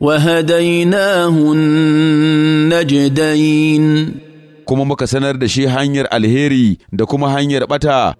وهديناه النجدين kuma muka sanar da shi hanyar alheri da kuma hanyar ɓata.